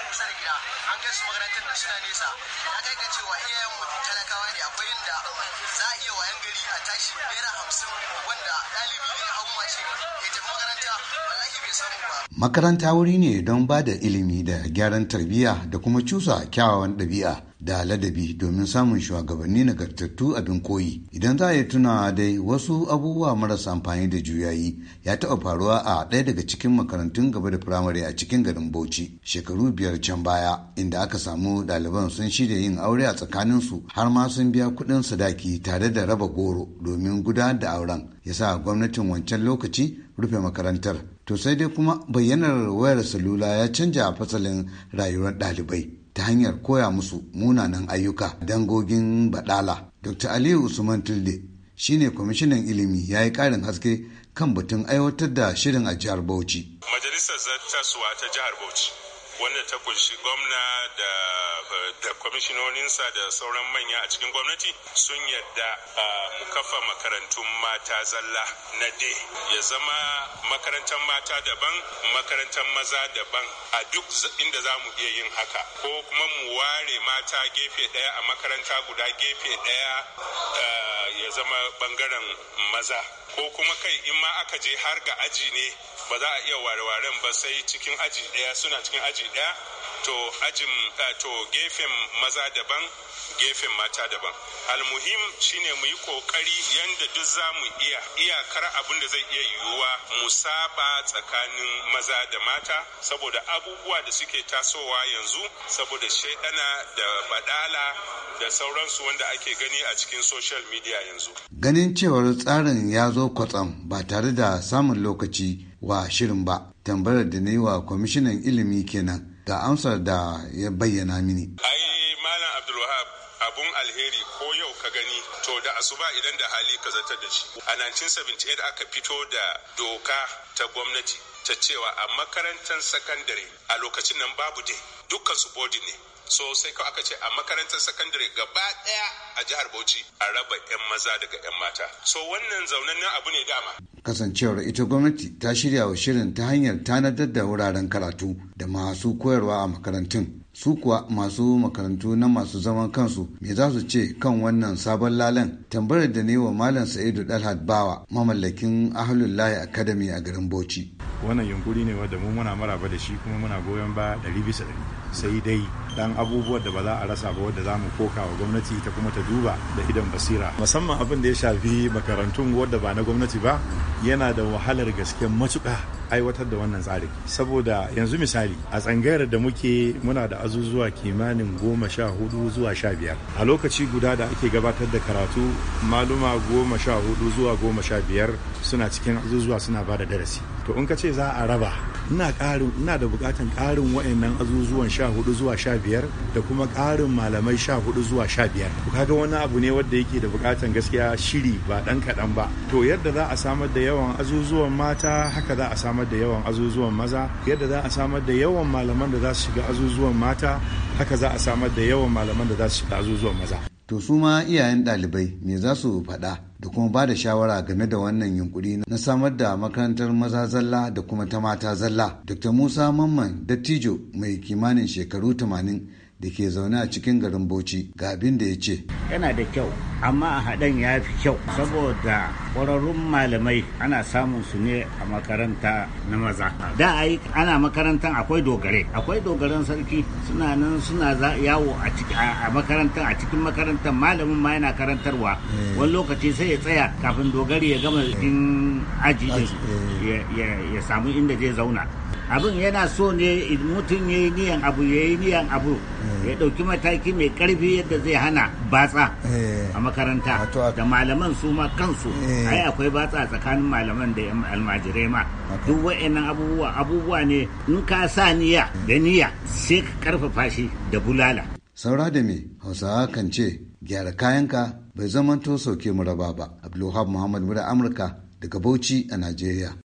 nan kusa da gida an kai su makarantar da suna nesa na kai ga cewa iyayen mu talakawa ne akwai inda za a iya wayan gari a tashi naira hamsin wanda ɗalibi ne hau mashin ya tafi makaranta wallahi bai samu ba. makaranta wuri ne don ba da ilimi da gyaran tarbiyya da kuma cusa kyawawan ɗabi'a da ladabi domin samun shugabanni nagartattu abin koyi idan za a yi tuna dai wasu abubuwa marasa amfani da juyayi ya taɓa faruwa a ɗaya daga cikin makarantun gaba da firamare a cikin garin bauchi shekaru biyar can baya inda aka samu ɗaliban sun shirya yin aure a tsakaninsu har ma sun biya kuɗin sadaki tare da raba goro domin gudanar da auren ya sa gwamnatin wancan lokaci rufe makarantar to sai dai kuma bayyanar wayar salula ya canja fasalin rayuwar ɗalibai ta hanyar koya musu munanan ayyuka dangogin baɗala, dr aliyu usman tilde shine kwamishinan ilimi ya yi karin haske kan batun aiwatar da shirin a jihar bauchi majalisar zartaswa ta jihar bauchi wanda ta kunshi gwamna da kwamishinoninsa da sauran manya a cikin gwamnati sun yadda mu kafa makarantun mata zalla na de ya zama makarantar mata daban makarantar maza daban a duk inda za mu iya yin haka ko kuma mu ware mata gefe ɗaya a makaranta guda gefe ɗaya ya zama bangaren maza ko kuma kai in ma aka je har ga aji ne ba za a iya ware-waren ba sai cikin aji ɗaya suna cikin aji ɗaya to ajin eh, to gefen maza daban gefen mata daban almuhim shine mu yi kokari yanda duk za mu iya iyakar abin da zai iya yiwuwa mu saba tsakanin maza da mata saboda abubuwa da suke tasowa yanzu saboda shaidana da badala da sauransu wanda ake gani a cikin social media yanzu ganin cewar tsarin ya zo kwatsam ba tare da samun lokaci wa shirin ba tambayar da na yi wa kwamishinan ilimi kenan ga amsar da ya bayyana mini ai malam abdulwahab abun alheri ko yau ka gani to da asuba idan da hali ka zartar da shi a 1978 aka fito da doka ta gwamnati ta cewa a makarantar sakandare a lokacin nan babu dai dukkan su bodi ne so sai kawai aka ce a makarantar sakandare gaba daya a jihar bauchi a raba 'yan maza daga 'yan mata so wannan zaunannen abu ne dama kasancewar ita gwamnati ta shirya wa shirin ta hanyar tanadar da wuraren karatu da masu koyarwa a makarantun su kuwa masu makarantu na masu zaman kansu me za su ce kan wannan sabon lalai misalan tambayar da ne wa malam sa'idu dalhat bawa mamallakin ahlullahi academy a garin bauchi wannan yunkuri ne wadda mu muna maraba da shi kuma muna goyon ba ɗari bisa ɗari sai dai dan abubuwan da ba za a rasa ba wadda za mu koka wa gwamnati ta kuma ta duba da idan basira musamman abin da ya shafi makarantun wadda ba na gwamnati ba yana da wahalar gaske matuƙa aiwatar da wannan tsarin saboda yanzu misali a tsangayar da muke muna da azuzuwa kimanin goma sha hudu zuwa sha biyar a lokaci guda da ake gabatar da karatu maluma goma sha hudu zuwa goma sha biyar suna cikin azuzuwa suna ba da darasi to in ka ce za a raba ina ina da bukatan karin wa'annan azuzuwan sha hudu zuwa sha biyar da kuma karin malamai sha hudu zuwa sha biyar kaga wani abu ne wanda yake da bukatan gaskiya shiri ba ɗan kaɗan ba to yadda za a samar da yawan azuzuwan mata haka za a samar da yawan azuzuwan maza yadda za a samar da yawan malaman da za su shiga azuzuwan mata haka za a samar da yawan malaman da za su shiga azuzuwan maza to su ma iyayen ɗalibai me za su faɗa da kuma ba da shawara game da wannan yunkuri na samar da makarantar maza zalla da kuma ta mata zalla dr musa mamman dattijo mai kimanin shekaru 80 da ke zaune a cikin garin Bauchi ga abin da ya ce. Yana da kyau, amma a haɗin ya fi kyau saboda ƙwararrun malamai ana samun su ne a makaranta na maza. Da yi ana makarantar akwai dogare, akwai dogaren sarki suna nan suna yawo a makarantar a cikin makarantar malamin ma yana karantarwa. Eh. Wani lokaci sai ya tsaya kafin dogari ya gama in aji eh. ya samu inda zai zauna. abin yana so ne mutum ya yi niyan abu ya yi niyan abu Eh, ya ɗauki mataki mai ƙarfi yadda zai hana batsa eh, a makaranta da malaman su ma kansu eh. ai akwai batsa tsakanin malaman da almajirai ma duk wa'annan abubuwa abubuwa ne in ka sa niyya da niyya sai ka karfafa shi da bulala saura da me hausawa kan ce gyara kayanka bai zamanto sauke mu raba ba abdulwahab muhammad mura amurka daga bauchi a najeriya